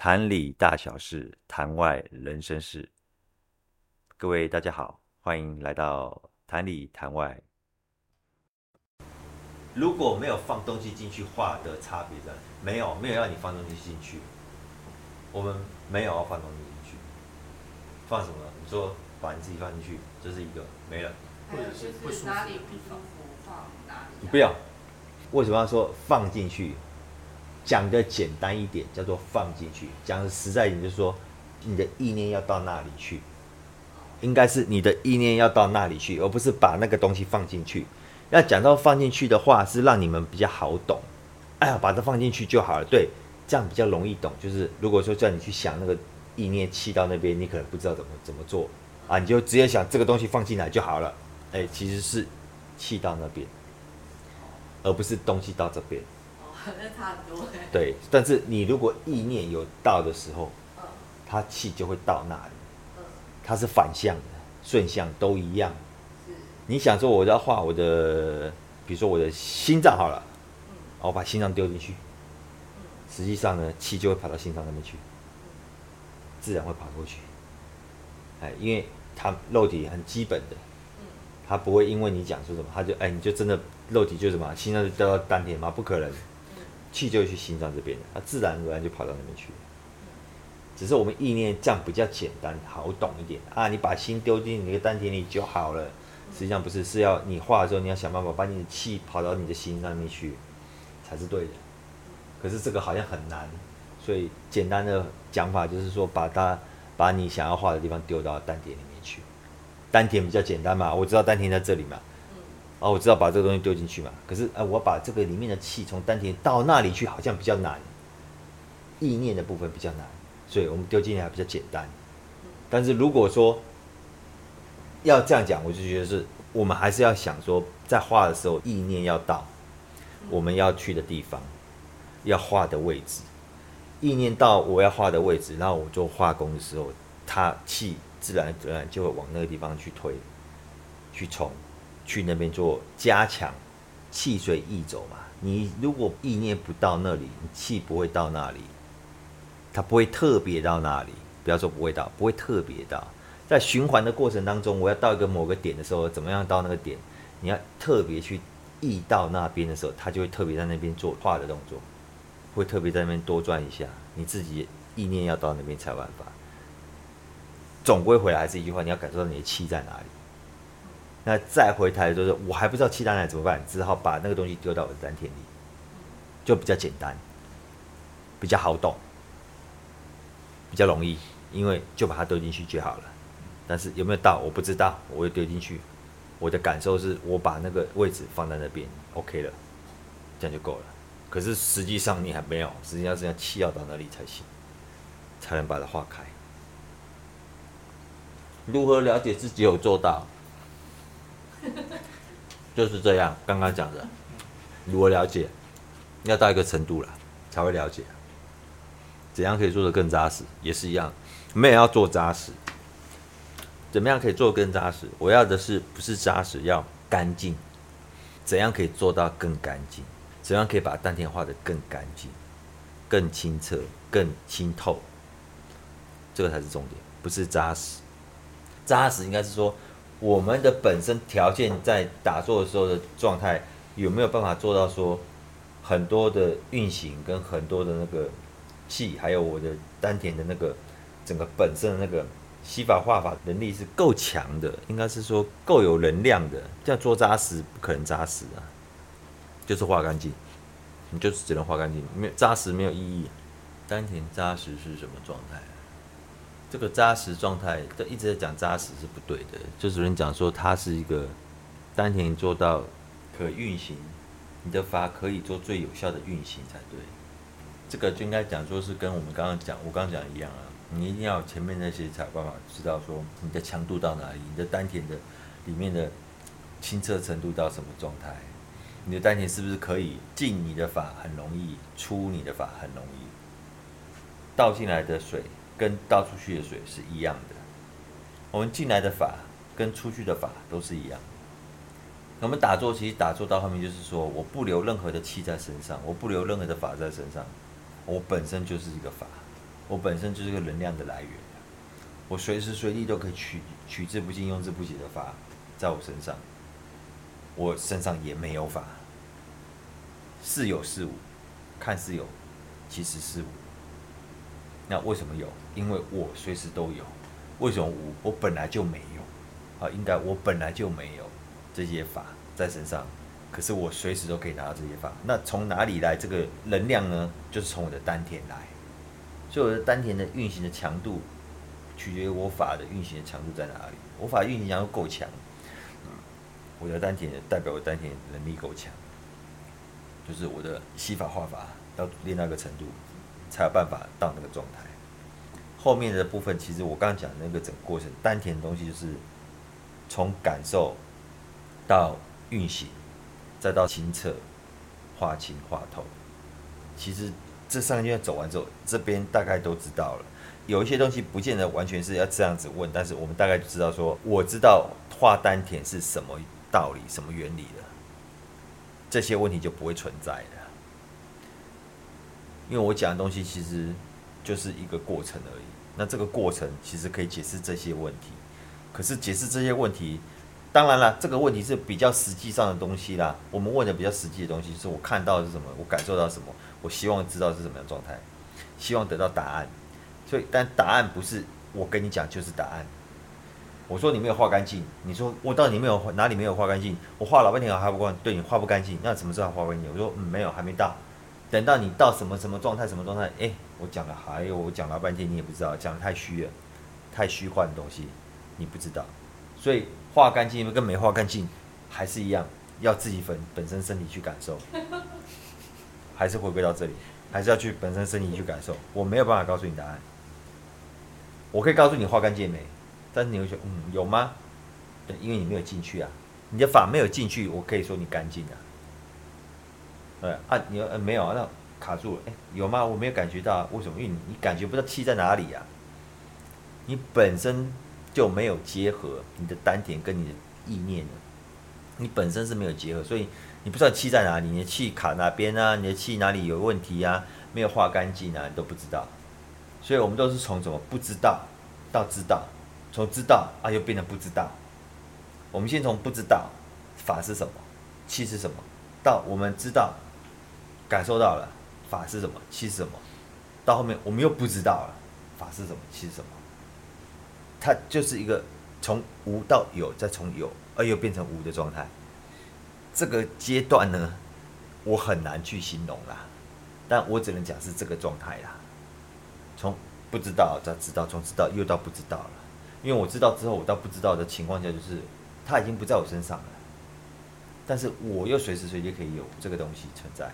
壇裡大小事，壇外人生事。各位大家好，歡迎來到壇裡壇外。如果沒有放東西進去，化的差別的沒有，沒有讓你放東西進去。我們沒有要，放東西進去。放什麼？你說把你自己放進去，這、就是一個，沒了。還有就是不不哪裡不舒服，放哪裡。不要，為什麼要說放進去？講的簡單一點，叫做放進去；講的實在一點，就說你的意念要到那裡去，應該是你的意念要到那裡去，而不是把那個東西放進去。要講到放進去的話，是讓你們比較好懂。哎呀，把它放進去就好了，對，這樣比較容易懂。就是如果說叫你去想那個意念氣到那邊，你可能不知道怎麼怎麼做啊，你就直接想這個東西放進來就好了。哎，其實是氣到那邊，而不是東西到這邊。 太多耶對，但是你如果意念有到的時候，嗯、它氣就會到那裡。嗯、它是反向的，順向都一樣的。是，你想說我要畫我的，比如說我的心臟好了，嗯、然後我把心臟丟進去，嗯、實際上呢，氣就會跑到心臟那邊去，嗯、自然會跑過去。哎，因為它肉體很基本的，嗯、它不會因為你講出什麼，它就哎你就真的肉體就什麼心臟就掉到丹田嗎？不可能。氣就會去心臟這邊了，它自然而然就跑到那邊去了。只是我們意念這樣比較簡單、好懂一點啊，你把心丟進你的丹田裡就好了。實際上不是，是要你化的時候，你要想辦法把你的氣跑到你的心上面去，才是對的。可是這個好像很難，所以簡單的講法就是說，把它把你想要化的地方丟到丹田裡面去。丹田比較簡單嘛，我知道丹田在這裡嘛。哦，我知道把這個東西丟進去嘛，可是啊、呃，我把這個裡面的氣從丹田到那裡去，好像比較難，意念的部分比較難，所以我們丟進去還比較簡單。但是如果說要這樣講，我就覺得是我們還是要想說，在化的時候，意念要到我們要去的地方，要化的位置，意念到我要化的位置，然後我做化功的時候，它氣自然而然就會往那個地方去推，去衝。去那邊做加強，氣隨意走嘛。你如果意念不到那裡，你氣不會到那裡，它不會特別到那裡。不要說不會到，不會特別到。在循環的過程當中，我要到一個某個點的時候，怎麼樣到那個點？你要特別去意到那邊的時候，它就會特別在那邊做化的動作，會特別在那邊多轉一下。你自己意念要到那邊才有辦法。總歸回來還是一句話，你要感受到你的氣在哪裡。那再回台就是我還不知道化丹田怎麼辦，只好把那個東西丟到我的丹田裡，就比較簡單，比較好懂，比較容易，因為就把它丟進去就好了。但是有沒有到我不知道，我丟進去，我的感受是我把那個位置放在那邊 OK 了，這樣就夠了。可是實際上你還沒有，實際上是要氣要，要到哪裡才行，才能把它化開。如何了解自己有做到？就是這樣，剛剛講的，如何了解，要到一個程度了，才會了解啊。怎樣可以做得更扎實，也是一樣，沒有要做扎實。怎麼樣可以做得更扎實？我要的是不是扎實，要乾淨。怎樣可以做到更乾淨？怎樣可以把丹田化得更乾淨、更清澈、更清透？這個才是重點，不是扎實。扎實應該是說。我們的本身條件在打坐的時候的狀態，有沒有辦法做到說很多的運行跟很多的那個氣，還有我的丹田的那個整個本身的那個吸法化法能力是夠強的，應該是說夠有能量的。這樣做扎實，不可能扎實啊，就是化乾淨，你就是只能化乾淨，沒有扎實沒有意義。嗯。丹田扎實是什麼狀態？這個扎實狀態，都一直在講扎實是不對的，就是人講說它是一個丹田做到可運行，你的法可以做最有效的運行才對。這個就應該講說是跟我們剛剛講，我剛剛講的一樣啊，你一定要前面那些才有辦法知道說你的強度到哪裡，你的丹田的裡面的清澈程度到什麼狀態，你的丹田是不是可以進你的法很容易，出你的法很容易，倒進來的水。跟倒出去的水是一樣的，我們進來的法跟出去的法都是一樣。我們打坐，其實打坐到後面就是說，我不留任何的氣在身上，我不留任何的法在身上，我本身就是一個法，我本身就是個能量的來源，我隨時隨地都可以取，取之不盡、用之不竭的法，在我身上，我身上也沒有法，似有似無，看似有，其實是無。那為什麼有？因為我隨時都有。為什麼無？我本來就沒有。啊，應該我本來就沒有這些法在身上，可是我隨時都可以拿到這些法。那從哪裡來這個能量呢？就是從我的丹田來。所以我的丹田的運行的強度，取決於我法的運行的強度在哪裡。我法運行強度夠強，嗯，我的丹田代表我丹田能力夠強，就是我的吸法化法要練到一個程度，才有辦法到那個狀態。後面的部分，其實我剛剛講那個整個過程，丹田的東西就是從感受到運行，再到清澈化清化透。其實這三個階段走完之後，這邊大概都知道了。有一些東西不見得完全是要這樣子問，但是我們大概就知道說，我知道化丹田是什麼道理、什麼原理的，這些問題就不會存在了。因為我講的東西其實就是一個過程而已，那這個過程其實可以解釋這些問題。可是解釋這些問題，當然啦，這個問題是比較實際上的東西啦。我們問的比較實際的東西，就是我看到的是什麼，我感受到什麼，我希望知道是什麼樣狀態，希望得到答案。所以，但答案不是我跟你講就是答案。我說你沒有化乾淨，你說我到底沒有哪裡沒有化乾淨？我化老半天還不管，對你化不乾淨，那怎麼知道化不乾淨？我說、嗯、沒有，還沒到。等到你到什麼什麼狀態，什麼狀態？哎、欸，我講了，還、欸、有我講了半天，你也不知道，講的太虛了，太虛幻的東西，你不知道。所以化乾淨跟沒化乾淨還是一樣，要自己本本身身體去感受。還是回歸到這裡，還是要去本身身體去感受。我沒有辦法告訴你答案。我可以告訴你化乾淨沒，但是你會說嗯，有嗎？對，因為你沒有進去啊，你的法沒有進去，我可以說你乾淨的。對啊，你呃沒有那卡住了？哎，有嗎？我沒有感覺到，為什麼？因為你,你感覺不到氣在哪裡呀、啊？你本身就沒有結合你的丹田跟你的意念呢，你本身是沒有結合，所以你不知道氣在哪裡，你的氣卡哪邊啊？你的氣哪裡有問題啊，沒有化乾淨啊？你都不知道，所以我們都是從什麼不知道到知道，從知道啊又變成不知道。我們先從不知道法是什麼，氣是什麼，到我們知道。感受到了法是什麼，氣什麼，到後面我們又不知道了，法是什麼，氣什麼，它就是一個從無到有，再從有而又變成無的狀態。這個階段呢，我很難去形容啦，但我只能講是這個狀態啦。從不知道再知道，從知道又到不知道了，因為我知道之後，我到不知道的情況下，就是它已經不在我身上了，但是我又隨時隨地可以有這個東西存在。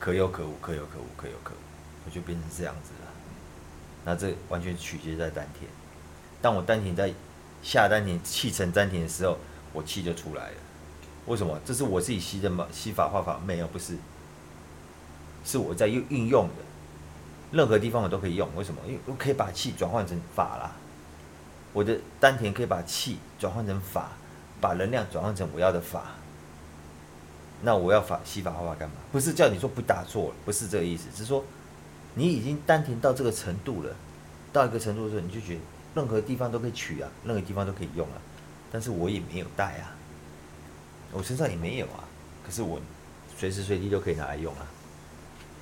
可有可，可有可無，可有可無，可有可無，我就變成這樣子了。那這完全取決在丹田。當我丹田在下丹田、氣沉丹田的時候，我氣就出來了。為什麼？這是我自己吸的嗎？吸法、化法沒有，不是。是我在用運用的。任何地方我都可以用。為什麼？因為我可以把氣轉換成法啦。我的丹田可以把氣轉換成法，把能量轉換成我要的法。那我要法西法畫畫幹嘛？不是叫你說不打坐了，不是這個意思，只是說你已經丹田到這個程度了，到一個程度的時候，你就覺得任何地方都可以取啊，任何地方都可以用啊，但是我也沒有帶啊，我身上也沒有啊，可是我隨時隨地都可以拿來用啊，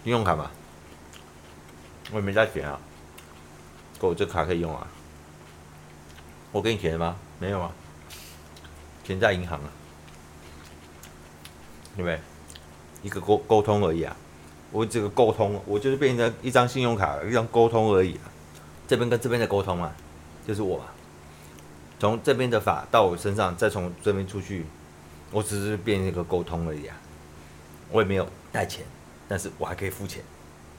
信用卡嘛，我也沒在選啊，夠這卡可以用啊，我給你錢了嗎？沒有啊，錢在銀行啊。因為一個溝溝通而已啊！我這個溝通，我就是變成一張信用卡，一張溝通而已啊。這邊跟這邊的溝通啊，就是我從這邊的法到我身上，再從這邊出去，我只是變一個溝通而已啊！我也沒有帶錢，但是我還可以付錢。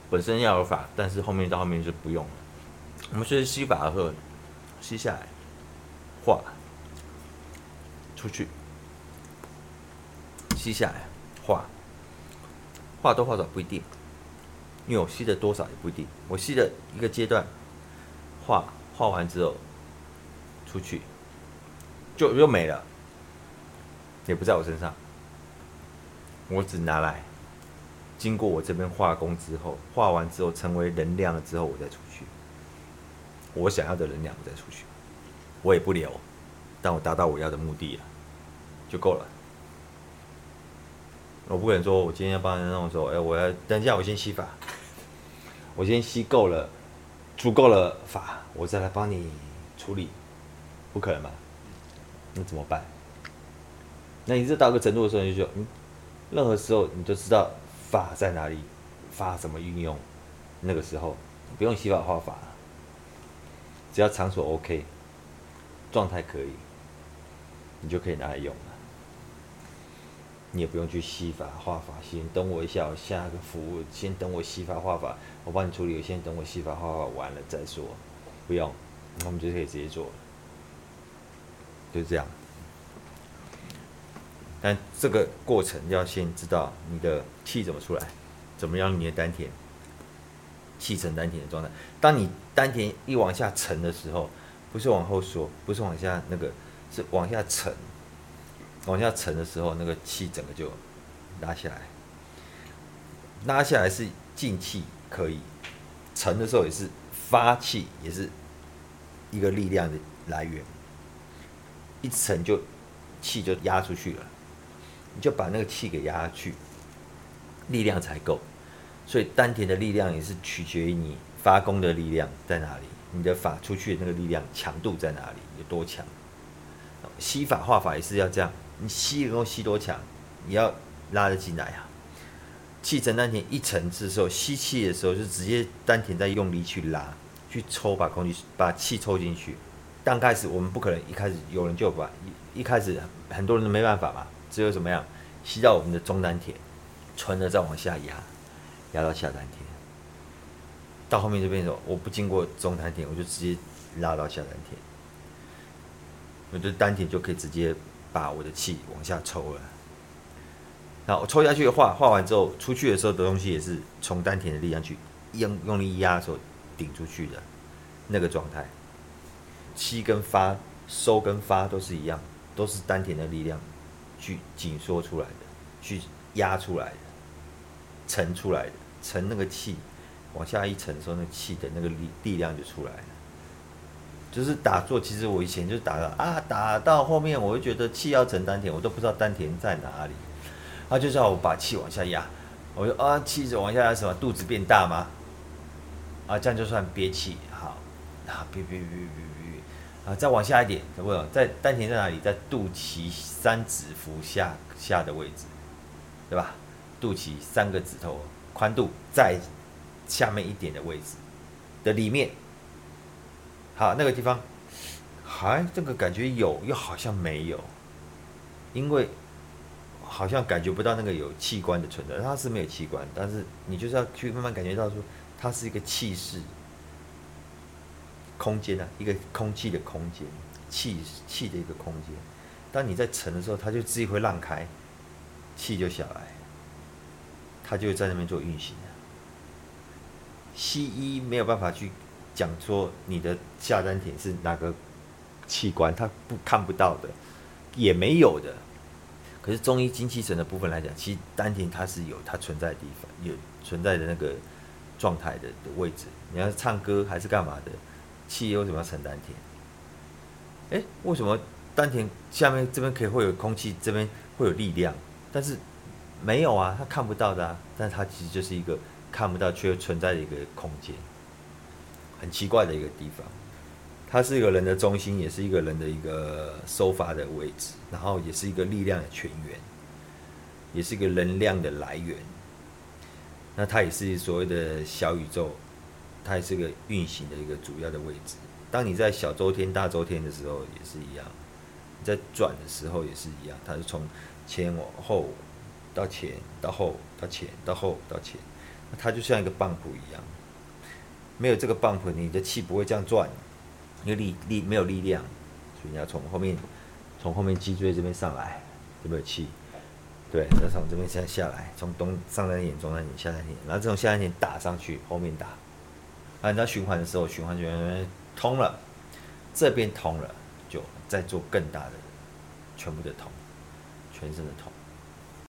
本身要有法，但是後面到後面就不用了。我們學習吸法的時候，吸下來，化出去，吸下來。化，化多化少不一定，因為我吸的多少也不一定。我吸的一個階段，化，化完之後，出去就又沒了，也不在我身上。我只拿來經過我這邊化工之後，化完之後成為能量了之後，我再出去。我想要的能量，我再出去，我也不留。但我達到我要的目的了，就夠了。我不可能說，我今天要幫人弄的時候，哎、欸，我要等一下，我先吸法，我先吸夠了，足夠了法，我再來幫你處理，不可能吧？那怎麼辦？那你這到一個程度的時候，你就說，嗯，任何時候你就知道法在哪裡，法怎麼運用，那個時候不用吸法化法，只要場所 OK，狀態可以，你就可以拿來用。你也不用去洗髮、化髮，先等我一下，我下個服務先等我洗髮、化髮，我幫你處理。先等我洗髮、畫完了再說。不用，我們就可以直接做了，就這樣。但這個過程要先知道你的氣怎麼出來，怎麼樣你的丹田，氣沉丹田的狀態。當你丹田一往下沉的時候，不是往後縮，不是往下那個，是往下沉。往下沉的時候，那個氣整個就拉下來，拉下來是進氣可以，沉的時候也是發氣，也是一個力量的來源。一沉就氣就壓出去了，你就把那個氣給壓下去，力量才夠。所以丹田的力量也是取決於你發功的力量在哪裡，你的法出去的那個力量強度在哪裡，有多強。吸法化法，也是要這樣。你吸能夠吸多強？你要拉得進來啊！氣沉丹田一沉的時候，吸氣的時候就直接丹田在用力去拉、去抽把，把空氣、把氣抽進去。剛開始我們不可能一開始有人就把一一開始很多人都沒辦法嘛，只有怎麼樣吸到我們的中丹田，穿着再往下壓，壓到下丹田。到後面就變成我不經過中丹田，我就直接拉到下丹田，我的丹田就可以直接。把我的氣往下抽了，那我抽下去的話，畫，畫完之後出去的時候的東西也是從丹田的力量去用用力壓的時候頂出去的那個狀態，吸跟發，收跟發都是一樣，都是丹田的力量去緊縮出來的，去壓出來的，沉出來的，沉那個氣往下一沉的時候，那氣的那個力力量就出來了。就是打坐，其實我以前就是打到啊，打到後面我就覺得氣要沉丹田，我都不知道丹田在哪裡，啊，就是要我把氣往下壓，我就啊，氣往往下壓，什麼？肚子變大嗎？啊，這樣就算憋氣，好，啊，憋憋憋憋憋，啊，再往下一點，小朋友，在丹田在哪裡？在肚臍三指腹下下的位置，對吧？肚臍三個指頭寬度在下面一點的位置的裡面。啊，那個地方，還這個感覺有，又好像沒有，因為好像感覺不到那個有器官的存在，它是沒有器官，但是你就是要去慢慢感覺到說，它是一個氣勢空間啊，一個空氣的空間，氣氣的一個空間，當你在沉的時候，它就自己會讓開，氣就下來，它就在那邊做運行的，西醫沒有辦法去。講說你的下丹田是哪個器官？他不看不到的，也沒有的。可是中醫精氣神的部分來講，其實丹田它是有它存在的地方，有存在的那個狀態的的位置。你要是唱歌還是幹嘛的，氣為什麼要沉丹田？哎、欸，為什麼丹田下面這邊可以會有空氣，這邊會有力量？但是沒有啊，他看不到的啊，但是它其實就是一個看不到卻又存在的一個空間。很奇怪的一個地方，它是一個人的中心，也是一個人的一個收發的位置，然後也是一個力量的泉源，也是一個能量的來源。那它也是所謂的小宇宙，它也是一個運行的一個主要的位置。當你在小周天、大周天的時候也是一樣，在轉的時候也是一樣，它是從前往後，到前到後，到前到後，到前到後，到前，那它就像一個幫浦一樣。沒有這個泵，你的氣不會這樣轉，因為力力沒有力量，所以你要從後面，從後面脊椎這邊上來，有沒有氣？對，要從這邊下下來，從東上丹田、中丹田、下丹田，然後從下丹田打上去，後面打，那你要循環的時候，循環就通了，這邊通了，就再做更大的，全部的通，全身的通。